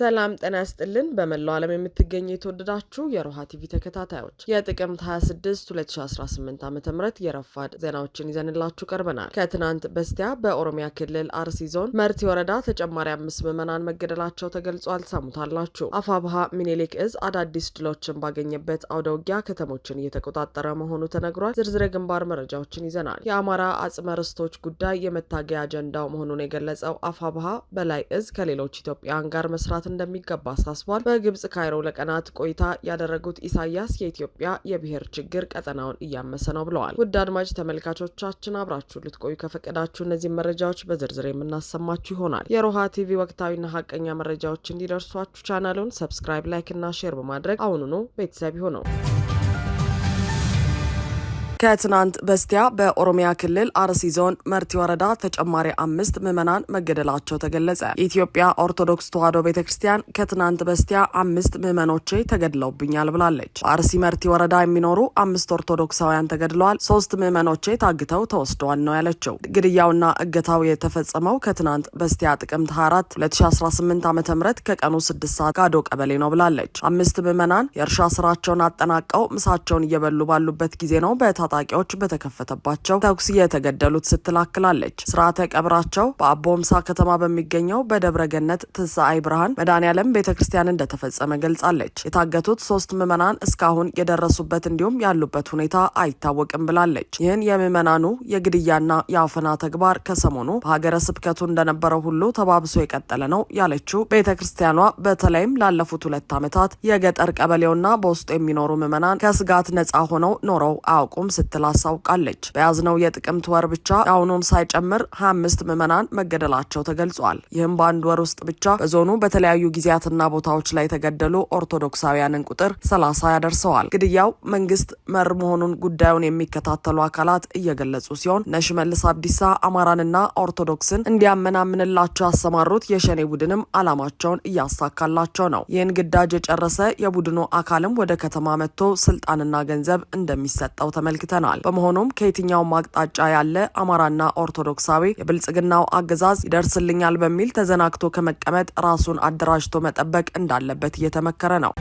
ሰላም ጤና ስጥልን በመላው ዓለም የምትገኙ የተወደዳችሁ የሮሃ ቲቪ ተከታታዮች የጥቅምት 26 2018 ዓ ም የረፋድ ዜናዎችን ይዘንላችሁ ቀርበናል። ከትናንት በስቲያ በኦሮሚያ ክልል አርሲ ዞን መርቲ ወረዳ ተጨማሪ አምስት ምዕመናን መገደላቸው ተገልጿል። ሰሙታላችሁ። አፋብሃ ሚኒሊክ እዝ አዳዲስ ድሎችን ባገኘበት አውደውጊያ ከተሞችን እየተቆጣጠረ መሆኑ ተነግሯል። ዝርዝር ግንባር መረጃዎችን ይዘናል። የአማራ አጽመ ርስቶች ጉዳይ የመታገያ አጀንዳው መሆኑን የገለጸው አፋብሃ በላይ እዝ ከሌሎች ኢትዮጵያውያን ጋር መስራት እንደሚገባ አሳስቧል። በግብጽ ካይሮ ለቀናት ቆይታ ያደረጉት ኢሳያስ የኢትዮጵያ የብሔር ችግር ቀጠናውን እያመሰ ነው ብለዋል። ውድ አድማጭ ተመልካቾቻችን አብራችሁ ልትቆዩ ከፈቀዳችሁ እነዚህ መረጃዎች በዝርዝር የምናሰማችሁ ይሆናል። የሮሃ ቲቪ ወቅታዊና ሀቀኛ መረጃዎች እንዲደርሷችሁ ቻናሉን ሰብስክራይብ፣ ላይክ እና ሼር በማድረግ አሁኑኑ ቤተሰብ ይሆነው? ከትናንት በስቲያ በኦሮሚያ ክልል አርሲ ዞን መርቲ ወረዳ ተጨማሪ አምስት ምዕመናን መገደላቸው ተገለጸ። ኢትዮጵያ ኦርቶዶክስ ተዋሕዶ ቤተ ክርስቲያን ከትናንት በስቲያ አምስት ምዕመኖቼ ተገድለውብኛል ብላለች። በአርሲ መርቲ ወረዳ የሚኖሩ አምስት ኦርቶዶክሳውያን ተገድለዋል፣ ሶስት ምዕመኖቼ ታግተው ተወስደዋል ነው ያለችው። ግድያውና እገታው የተፈጸመው ከትናንት በስቲያ ጥቅምት 24 2018 ዓ ም ከቀኑ ስድስት ሰዓት ጋዶ ቀበሌ ነው ብላለች። አምስት ምዕመናን የእርሻ ስራቸውን አጠናቀው ምሳቸውን እየበሉ ባሉበት ጊዜ ነው በታ ታጣቂዎች በተከፈተባቸው ተኩስ የተገደሉት ስትል አክላለች። ስርዓተ ቀብራቸው በአቦምሳ ከተማ በሚገኘው በደብረ ገነት ትንሳኤ ብርሃን መድኃኔዓለም ቤተ ክርስቲያን እንደተፈጸመ ገልጻለች። የታገቱት ሶስት ምዕመናን እስካሁን የደረሱበት እንዲሁም ያሉበት ሁኔታ አይታወቅም ብላለች። ይህን የምዕመናኑ የግድያና የአፈና ተግባር ከሰሞኑ በሀገረ ስብከቱ እንደነበረው ሁሉ ተባብሶ የቀጠለ ነው ያለችው ቤተ ክርስቲያኗ በተለይም ላለፉት ሁለት ዓመታት የገጠር ቀበሌውና በውስጡ የሚኖሩ ምዕመናን ከስጋት ነጻ ሆነው ኖረው አያውቁም ስትል አሳውቃለች። በያዝነው የጥቅምት ወር ብቻ አሁኑን ሳይጨምር ሀያ አምስት ምዕመናን መገደላቸው ተገልጿል። ይህም በአንድ ወር ውስጥ ብቻ በዞኑ በተለያዩ ጊዜያትና ቦታዎች ላይ የተገደሉ ኦርቶዶክሳውያንን ቁጥር ሰላሳ ያደርሰዋል። ግድያው መንግስት መር መሆኑን ጉዳዩን የሚከታተሉ አካላት እየገለጹ ሲሆን ነሽ ሽመልስ አብዲሳ አማራንና ኦርቶዶክስን እንዲያመናምንላቸው ያሰማሩት የሸኔ ቡድንም አላማቸውን እያሳካላቸው ነው። ይህን ግዳጅ የጨረሰ የቡድኑ አካልም ወደ ከተማ መጥቶ ስልጣንና ገንዘብ እንደሚሰጠው ተመልክቷል። ተመልክተናል። በመሆኑም ከየትኛውም አቅጣጫ ያለ አማራና ኦርቶዶክሳዊ የብልጽግናው አገዛዝ ይደርስልኛል በሚል ተዘናግቶ ከመቀመጥ ራሱን አደራጅቶ መጠበቅ እንዳለበት እየተመከረ ነው።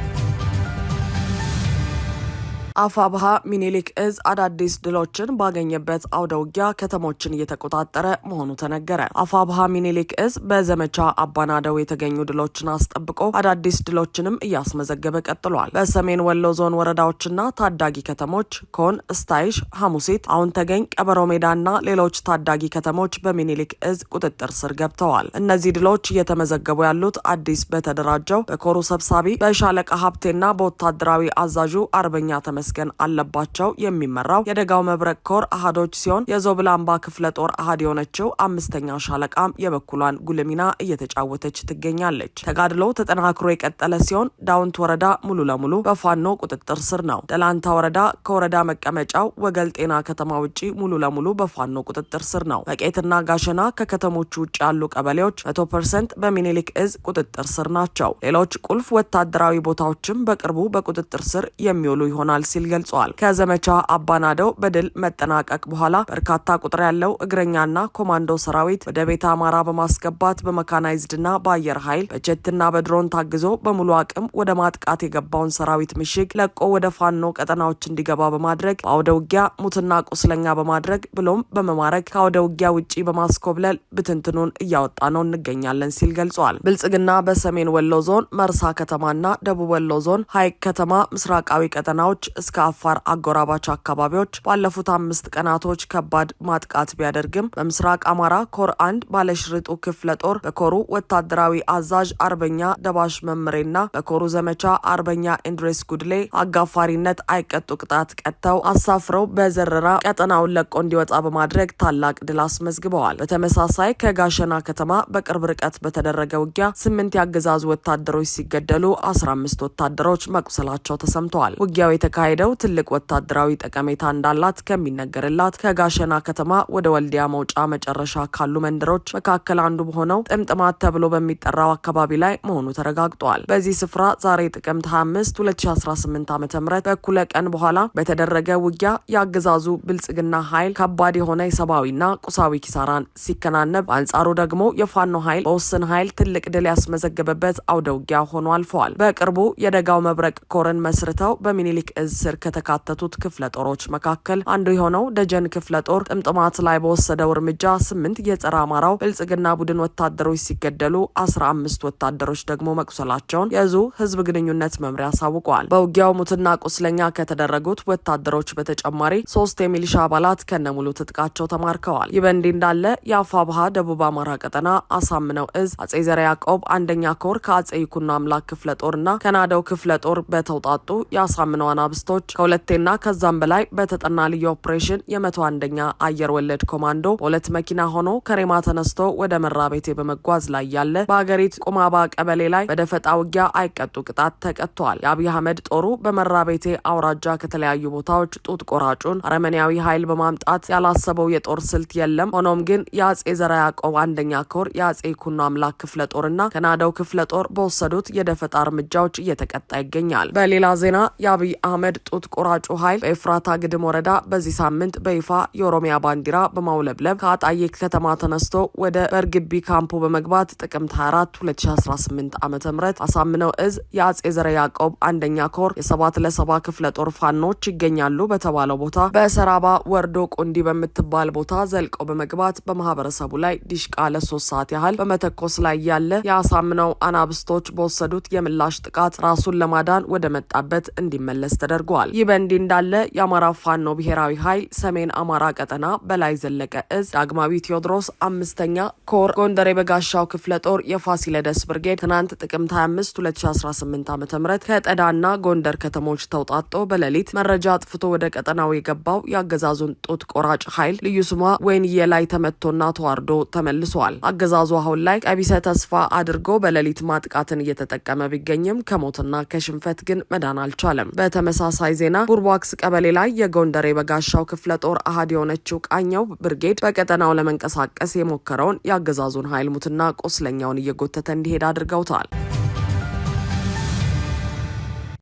አፋብሃ ሚኒሊክ እዝ አዳዲስ ድሎችን ባገኘበት አውደ ውጊያ ከተሞችን እየተቆጣጠረ መሆኑ ተነገረ። አፋብሃ ሚኒሊክ እዝ በዘመቻ አባናደው የተገኙ ድሎችን አስጠብቆ አዳዲስ ድሎችንም እያስመዘገበ ቀጥሏል። በሰሜን ወሎ ዞን ወረዳዎችና ታዳጊ ከተሞች ኮን፣ ስታይሽ፣ ሐሙሲት፣ አሁን ተገኝ፣ ቀበሮ ሜዳና ሌሎች ታዳጊ ከተሞች በሚኒሊክ እዝ ቁጥጥር ስር ገብተዋል። እነዚህ ድሎች እየተመዘገቡ ያሉት አዲስ በተደራጀው በኮሩ ሰብሳቢ በሻለቃ ሀብቴና በወታደራዊ አዛዡ አርበኛ ተመስ ተመስገን አለባቸው የሚመራው የደጋው መብረቅ ኮር አሃዶች ሲሆን የዞብላምባ ክፍለ ጦር አህድ የሆነችው አምስተኛ ሻለቃም የበኩሏን ጉልሚና እየተጫወተች ትገኛለች። ተጋድሎ ተጠናክሮ የቀጠለ ሲሆን ዳውንት ወረዳ ሙሉ ለሙሉ በፋኖ ቁጥጥር ስር ነው። ደላንታ ወረዳ ከወረዳ መቀመጫው ወገል ጤና ከተማ ውጪ ሙሉ ለሙሉ በፋኖ ቁጥጥር ስር ነው። በቄትና ጋሸና ከከተሞቹ ውጭ ያሉ ቀበሌዎች መቶ ፐርሰንት በሚኒሊክ እዝ ቁጥጥር ስር ናቸው። ሌሎች ቁልፍ ወታደራዊ ቦታዎችም በቅርቡ በቁጥጥር ስር የሚውሉ ይሆናል ሲል ሲል ገልጸዋል። ከዘመቻ አባናደው በድል መጠናቀቅ በኋላ በርካታ ቁጥር ያለው እግረኛና ኮማንዶ ሰራዊት ወደ ቤተ አማራ በማስገባት በመካናይዝድና በአየር ኃይል በጀትና በድሮን ታግዞ በሙሉ አቅም ወደ ማጥቃት የገባውን ሰራዊት ምሽግ ለቆ ወደ ፋኖ ቀጠናዎች እንዲገባ በማድረግ በአውደ ውጊያ ሙትና ቁስለኛ በማድረግ ብሎም በመማረክ ከአውደ ውጊያ ውጪ በማስኮብለል ብትንትኑን እያወጣ ነው እንገኛለን ሲል ገልጿል። ብልጽግና በሰሜን ወሎ ዞን መርሳ ከተማና ደቡብ ወሎ ዞን ሀይቅ ከተማ ምስራቃዊ ቀጠናዎች እስከ አፋር አጎራባች አካባቢዎች ባለፉት አምስት ቀናቶች ከባድ ማጥቃት ቢያደርግም በምስራቅ አማራ ኮር አንድ ባለሽርጡ ክፍለ ጦር በኮሩ ወታደራዊ አዛዥ አርበኛ ደባሽ መምሬና በኮሩ ዘመቻ አርበኛ ኢንድሬስ ጉድሌ አጋፋሪነት አይቀጡ ቅጣት ቀጥተው አሳፍረው በዘረራ ቀጠናውን ለቆ እንዲወጣ በማድረግ ታላቅ ድል አስመዝግበዋል። በተመሳሳይ ከጋሸና ከተማ በቅርብ ርቀት በተደረገ ውጊያ ስምንት የአገዛዙ ወታደሮች ሲገደሉ አስራ አምስት ወታደሮች መቁሰላቸው ተሰምተዋል። ውጊያው የተካሄ የምታካሂደው ትልቅ ወታደራዊ ጠቀሜታ እንዳላት ከሚነገርላት ከጋሸና ከተማ ወደ ወልዲያ መውጫ መጨረሻ ካሉ መንደሮች መካከል አንዱ በሆነው ጥምጥማት ተብሎ በሚጠራው አካባቢ ላይ መሆኑ ተረጋግጧል። በዚህ ስፍራ ዛሬ ጥቅምት 25 2018 ዓ ም በኩለ ቀን በኋላ በተደረገ ውጊያ የአገዛዙ ብልጽግና ኃይል ከባድ የሆነ የሰብአዊና ቁሳዊ ኪሳራን ሲከናነብ፣ አንጻሩ ደግሞ የፋኖ ኃይል በውስን ኃይል ትልቅ ድል ያስመዘገበበት አውደ ውጊያ ሆኖ አልፈዋል። በቅርቡ የደጋው መብረቅ ኮርን መስርተው በሚኒሊክ እዝ ስር ከተካተቱት ክፍለ ጦሮች መካከል አንዱ የሆነው ደጀን ክፍለ ጦር ጥምጥማት ላይ በወሰደው እርምጃ ስምንት የጸረ አማራው ብልጽግና ቡድን ወታደሮች ሲገደሉ አስራ አምስት ወታደሮች ደግሞ መቁሰላቸውን የእዙ ህዝብ ግንኙነት መምሪያ አሳውቀዋል። በውጊያው ሙትና ቁስለኛ ከተደረጉት ወታደሮች በተጨማሪ ሶስት የሚሊሻ አባላት ከነሙሉ ትጥቃቸው ተማርከዋል። ይህ በእንዲህ እንዳለ የአፋ ባሃ ደቡብ አማራ ቀጠና አሳምነው እዝ አጼ ዘረ ያዕቆብ አንደኛ ኮር ከአጼ ይኩኖ አምላክ ክፍለ ጦርና ከናደው ክፍለ ጦር በተውጣጡ የአሳምነው አናብስት አርቲስቶች ከሁለቴና ከዛም በላይ በተጠና ልዩ ኦፕሬሽን የመቶ አንደኛ አየር ወለድ ኮማንዶ በሁለት መኪና ሆኖ ከሬማ ተነስቶ ወደ መራ ቤቴ በመጓዝ ላይ ያለ በሀገሪቱ ቁማባ ቀበሌ ላይ በደፈጣ ውጊያ አይቀጡ ቅጣት ተቀጥተዋል። የአብይ አህመድ ጦሩ በመራ ቤቴ አውራጃ ከተለያዩ ቦታዎች ጡት ቆራጩን አረመኔያዊ ኃይል በማምጣት ያላሰበው የጦር ስልት የለም። ሆኖም ግን የአጼ ዘራ ያዕቆብ አንደኛ ኮር የአጼ ኩኖ አምላክ ክፍለ ጦርና ከናደው ክፍለ ጦር በወሰዱት የደፈጣ እርምጃዎች እየተቀጣ ይገኛል። በሌላ ዜና የአብይ አህመድ ጡት ቆራጩ ኃይል በኤፍራታ ግድም ወረዳ በዚህ ሳምንት በይፋ የኦሮሚያ ባንዲራ በማውለብለብ ከአጣዬ ከተማ ተነስቶ ወደ በርግቢ ካምፖ በመግባት ጥቅምት 24 2018 ዓ ም አሳምነው እዝ የአጼ ዘረ ያዕቆብ አንደኛ ኮር የሰባት ለሰባ ክፍለ ጦር ፋኖች ይገኛሉ በተባለው ቦታ በሰራባ ወርዶ ቁንዲ በምትባል ቦታ ዘልቀው በመግባት በማህበረሰቡ ላይ ዲሽቃ ለሶስት ሰዓት ያህል በመተኮስ ላይ ያለ የአሳምነው አናብስቶች በወሰዱት የምላሽ ጥቃት ራሱን ለማዳን ወደ መጣበት እንዲመለስ ተደርጓል። አድርጓል። ይህ በእንዲህ እንዳለ የአማራ ፋኖ ብሔራዊ ኃይል ሰሜን አማራ ቀጠና በላይ ዘለቀ እዝ ዳግማዊ ቴዎድሮስ አምስተኛ ኮር ጎንደር የበጋሻው ክፍለ ጦር የፋሲለደስ ብርጌድ ትናንት ጥቅምት 25 2018 ዓ ም ከጠዳና ጎንደር ከተሞች ተውጣጦ በሌሊት መረጃ አጥፍቶ ወደ ቀጠናው የገባው የአገዛዙን ጡት ቆራጭ ኃይል ልዩ ስሟ ወይንዬ ላይ ተመቶና ተዋርዶ ተመልሷል። አገዛዙ አሁን ላይ ቀቢሰ ተስፋ አድርጎ በሌሊት ማጥቃትን እየተጠቀመ ቢገኝም ከሞትና ከሽንፈት ግን መዳን አልቻለም። በተመሳሳይ ተመሳሳይ ዜና ቡርቧክስ ቀበሌ ላይ የጎንደር የበጋሻው ክፍለ ጦር አህድ የሆነችው ቃኘው ብርጌድ በቀጠናው ለመንቀሳቀስ የሞከረውን የአገዛዙን ኃይል ሙትና ቆስለኛውን እየጎተተ እንዲሄድ አድርገውታል።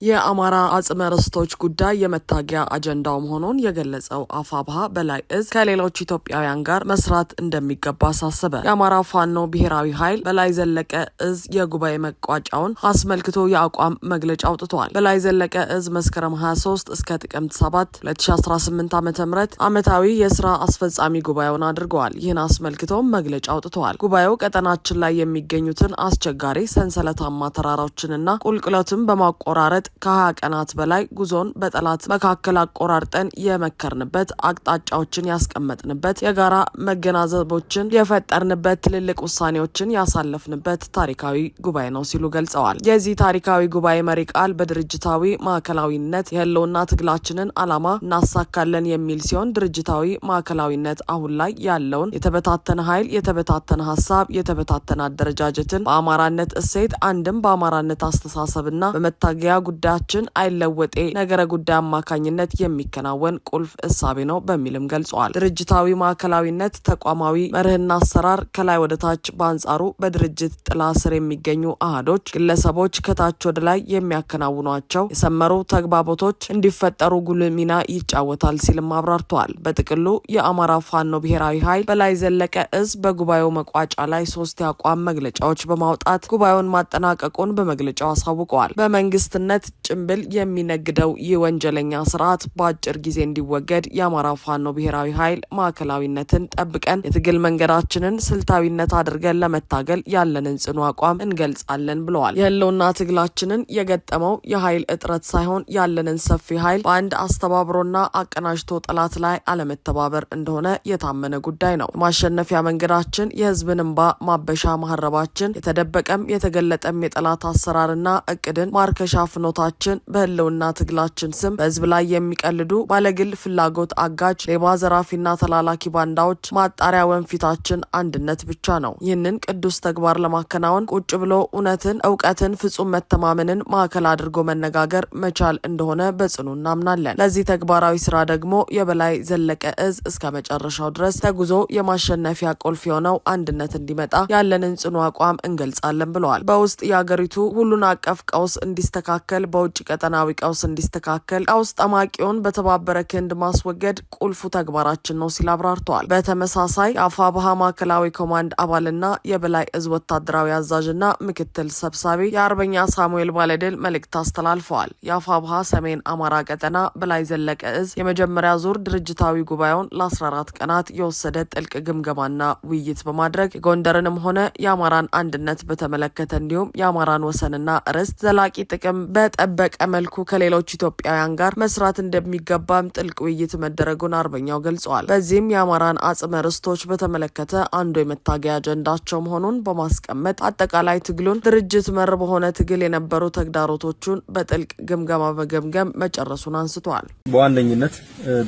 የአማራ አጽመ ርስቶች ጉዳይ የመታጊያ አጀንዳው መሆኑን የገለጸው አፋብሃ በላይ እዝ ከሌሎች ኢትዮጵያውያን ጋር መስራት እንደሚገባ አሳሰበ። የአማራ ፋኖ ብሔራዊ ኃይል በላይ ዘለቀ እዝ የጉባኤ መቋጫውን አስመልክቶ የአቋም መግለጫ አውጥተዋል። በላይ ዘለቀ እዝ መስከረም 23 እስከ ጥቅምት 7 2018 ዓ.ም ዓመታዊ የስራ አስፈጻሚ ጉባኤውን አድርገዋል። ይህን አስመልክቶም መግለጫ አውጥተዋል። ጉባኤው ቀጠናችን ላይ የሚገኙትን አስቸጋሪ ሰንሰለታማ ተራራዎችንና ቁልቁለቱን በማቆራረጥ ከ20 ቀናት በላይ ጉዞን በጠላት መካከል አቆራርጠን የመከርንበት አቅጣጫዎችን ያስቀመጥንበት የጋራ መገናዘቦችን የፈጠርንበት ትልልቅ ውሳኔዎችን ያሳለፍንበት ታሪካዊ ጉባኤ ነው ሲሉ ገልጸዋል። የዚህ ታሪካዊ ጉባኤ መሪ ቃል በድርጅታዊ ማዕከላዊነት የህልውና ትግላችንን አላማ እናሳካለን የሚል ሲሆን ድርጅታዊ ማዕከላዊነት አሁን ላይ ያለውን የተበታተነ ኃይል፣ የተበታተነ ሀሳብ፣ የተበታተነ አደረጃጀትን በአማራነት እሴት አንድም በአማራነት አስተሳሰብና በመታገያ ጉዳያችን አይለወጤ ነገረ ጉዳይ አማካኝነት የሚከናወን ቁልፍ እሳቤ ነው በሚልም ገልጸዋል። ድርጅታዊ ማዕከላዊነት ተቋማዊ መርህና አሰራር ከላይ ወደታች በአንጻሩ በድርጅት ጥላ ስር የሚገኙ አህዶች ግለሰቦች ከታች ወደ ላይ የሚያከናውኗቸው የሰመሩ ተግባቦቶች እንዲፈጠሩ ጉልህ ሚና ይጫወታል ሲልም አብራርተዋል። በጥቅሉ የአማራ ፋኖ ብሔራዊ ኃይል በላይ ዘለቀ እዝ በጉባኤው መቋጫ ላይ ሶስት የአቋም መግለጫዎች በማውጣት ጉባኤውን ማጠናቀቁን በመግለጫው አሳውቀዋል። በመንግስትነት ጭንብል የሚነግደው ይህ ወንጀለኛ ስርዓት በአጭር ጊዜ እንዲወገድ የአማራ ፋኖ ብሔራዊ ኃይል ማዕከላዊነትን ጠብቀን የትግል መንገዳችንን ስልታዊነት አድርገን ለመታገል ያለንን ጽኑ አቋም እንገልጻለን ብለዋል። የህልውና ትግላችንን የገጠመው የኃይል እጥረት ሳይሆን ያለንን ሰፊ ኃይል በአንድ አስተባብሮና አቀናጅቶ ጠላት ላይ አለመተባበር እንደሆነ የታመነ ጉዳይ ነው። የማሸነፊያ መንገዳችን የህዝብን እንባ ማበሻ ማህረባችን የተደበቀም የተገለጠም የጠላት አሰራርና እቅድን ማርከሻ ፍኖተ ፍላጎታችን በህልውና ትግላችን ስም በህዝብ ላይ የሚቀልዱ ባለግል ፍላጎት አጋጅ፣ ሌባ፣ ዘራፊና ተላላኪ ባንዳዎች ማጣሪያ ወንፊታችን አንድነት ብቻ ነው። ይህንን ቅዱስ ተግባር ለማከናወን ቁጭ ብሎ እውነትን፣ እውቀትን፣ ፍጹም መተማመንን ማዕከል አድርጎ መነጋገር መቻል እንደሆነ በጽኑ እናምናለን። ለዚህ ተግባራዊ ስራ ደግሞ የበላይ ዘለቀ እዝ እስከ መጨረሻው ድረስ ተጉዞ የማሸነፊያ ቁልፍ የሆነው አንድነት እንዲመጣ ያለንን ጽኑ አቋም እንገልጻለን ብለዋል። በውስጥ የአገሪቱ ሁሉን አቀፍ ቀውስ እንዲስተካከል በውጭ ቀጠናዊ ቀውስ እንዲስተካከል ቀውስ ጠማቂውን በተባበረ ክንድ ማስወገድ ቁልፉ ተግባራችን ነው ሲል አብራርተዋል። በተመሳሳይ አፋብሃ ማዕከላዊ ኮማንድ አባልና የበላይ እዝ ወታደራዊ አዛዥና ምክትል ሰብሳቢ የአርበኛ ሳሙኤል ባለድል መልእክት አስተላልፈዋል። የአፋብሃ ሰሜን አማራ ቀጠና በላይ ዘለቀ እዝ የመጀመሪያ ዙር ድርጅታዊ ጉባኤውን ለ14 ቀናት የወሰደ ጥልቅ ግምገማና ውይይት በማድረግ የጎንደርንም ሆነ የአማራን አንድነት በተመለከተ እንዲሁም የአማራን ወሰንና ርስት ዘላቂ ጥቅም በ በጠበቀ መልኩ ከሌሎች ኢትዮጵያውያን ጋር መስራት እንደሚገባም ጥልቅ ውይይት መደረጉን አርበኛው ገልጸዋል። በዚህም የአማራን አጽመ ርስቶች በተመለከተ አንዱ የመታገያ አጀንዳቸው መሆኑን በማስቀመጥ አጠቃላይ ትግሉን ድርጅት መር በሆነ ትግል የነበሩ ተግዳሮቶቹን በጥልቅ ግምገማ በገምገም መጨረሱን አንስተዋል። በዋነኝነት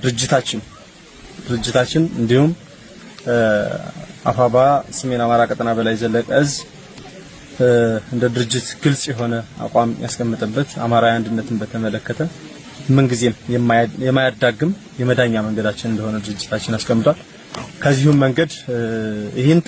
ድርጅታችን ድርጅታችን እንዲሁም አፋባ ሰሜን አማራ ቀጠና በላይ ዘለቀ እዝ እንደ ድርጅት ግልጽ የሆነ አቋም ያስቀመጠበት አማራዊ አንድነትን በተመለከተ ምንጊዜም የማያዳግም የመዳኛ መንገዳችን እንደሆነ ድርጅታችን አስቀምጧል። ከዚሁም መንገድ ይህን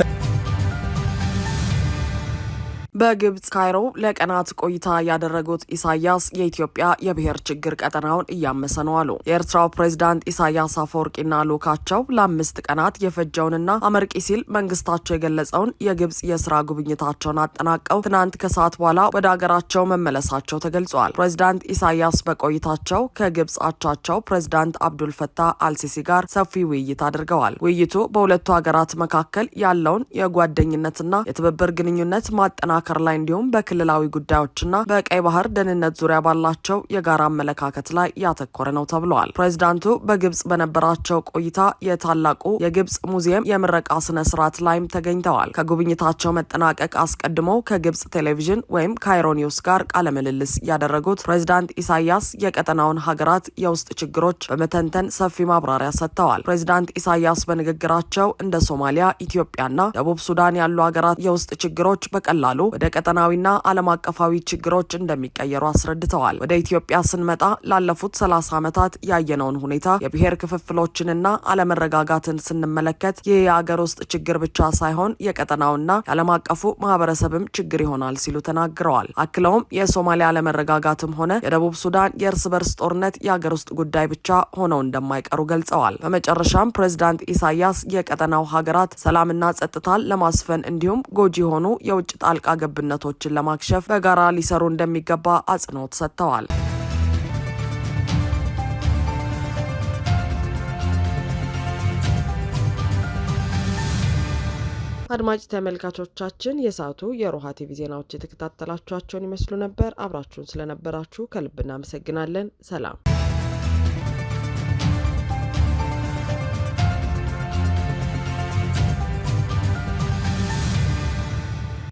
በግብጽ ካይሮ ለቀናት ቆይታ ያደረጉት ኢሳያስ የኢትዮጵያ የብሔር ችግር ቀጠናውን እያመሰ ነው አሉ። የኤርትራው ፕሬዚዳንት ኢሳያስ አፈወርቂና ልኡካቸው ለአምስት ቀናት የፈጀውንና አመርቂ ሲል መንግስታቸው የገለጸውን የግብጽ የስራ ጉብኝታቸውን አጠናቀው ትናንት ከሰዓት በኋላ ወደ አገራቸው መመለሳቸው ተገልጿል። ፕሬዚዳንት ኢሳያስ በቆይታቸው ከግብጽ አቻቸው ፕሬዚዳንት አብዱልፈታህ አልሲሲ ጋር ሰፊ ውይይት አድርገዋል። ውይይቱ በሁለቱ ሀገራት መካከል ያለውን የጓደኝነትና የትብብር ግንኙነት ማጠናከር በማጠናከር ላይ እንዲሁም በክልላዊ ጉዳዮችና በቀይ ባህር ደህንነት ዙሪያ ባላቸው የጋራ አመለካከት ላይ ያተኮረ ነው ተብለዋል። ፕሬዚዳንቱ በግብጽ በነበራቸው ቆይታ የታላቁ የግብጽ ሙዚየም የምረቃ ስነ ስርዓት ላይም ተገኝተዋል። ከጉብኝታቸው መጠናቀቅ አስቀድመው ከግብጽ ቴሌቪዥን ወይም ካይሮ ኒውስ ጋር ቃለ ምልልስ ያደረጉት ፕሬዚዳንት ኢሳያስ የቀጠናውን ሀገራት የውስጥ ችግሮች በመተንተን ሰፊ ማብራሪያ ሰጥተዋል። ፕሬዚዳንት ኢሳያስ በንግግራቸው እንደ ሶማሊያ፣ ኢትዮጵያና ደቡብ ሱዳን ያሉ ሀገራት የውስጥ ችግሮች በቀላሉ ወደ ቀጠናዊና ዓለም አቀፋዊ ችግሮች እንደሚቀየሩ አስረድተዋል። ወደ ኢትዮጵያ ስንመጣ ላለፉት ሰላሳ ዓመታት ያየነውን ሁኔታ የብሔር ክፍፍሎችንና አለመረጋጋትን ስንመለከት ይህ የአገር ውስጥ ችግር ብቻ ሳይሆን የቀጠናውና የዓለም አቀፉ ማህበረሰብም ችግር ይሆናል ሲሉ ተናግረዋል። አክለውም የሶማሊያ አለመረጋጋትም ሆነ የደቡብ ሱዳን የእርስ በርስ ጦርነት የአገር ውስጥ ጉዳይ ብቻ ሆነው እንደማይቀሩ ገልጸዋል። በመጨረሻም ፕሬዚዳንት ኢሳያስ የቀጠናው ሀገራት ሰላምና ጸጥታን ለማስፈን እንዲሁም ጎጂ የሆኑ የውጭ ጣልቃ ግብነቶችን ለማክሸፍ በጋራ ሊሰሩ እንደሚገባ አጽንኦት ሰጥተዋል። አድማጭ ተመልካቾቻችን የሰዓቱ የሮሃ ቲቪ ዜናዎች የተከታተላችኋቸውን ይመስሉ ነበር። አብራችሁን ስለነበራችሁ ከልብ እናመሰግናለን። ሰላም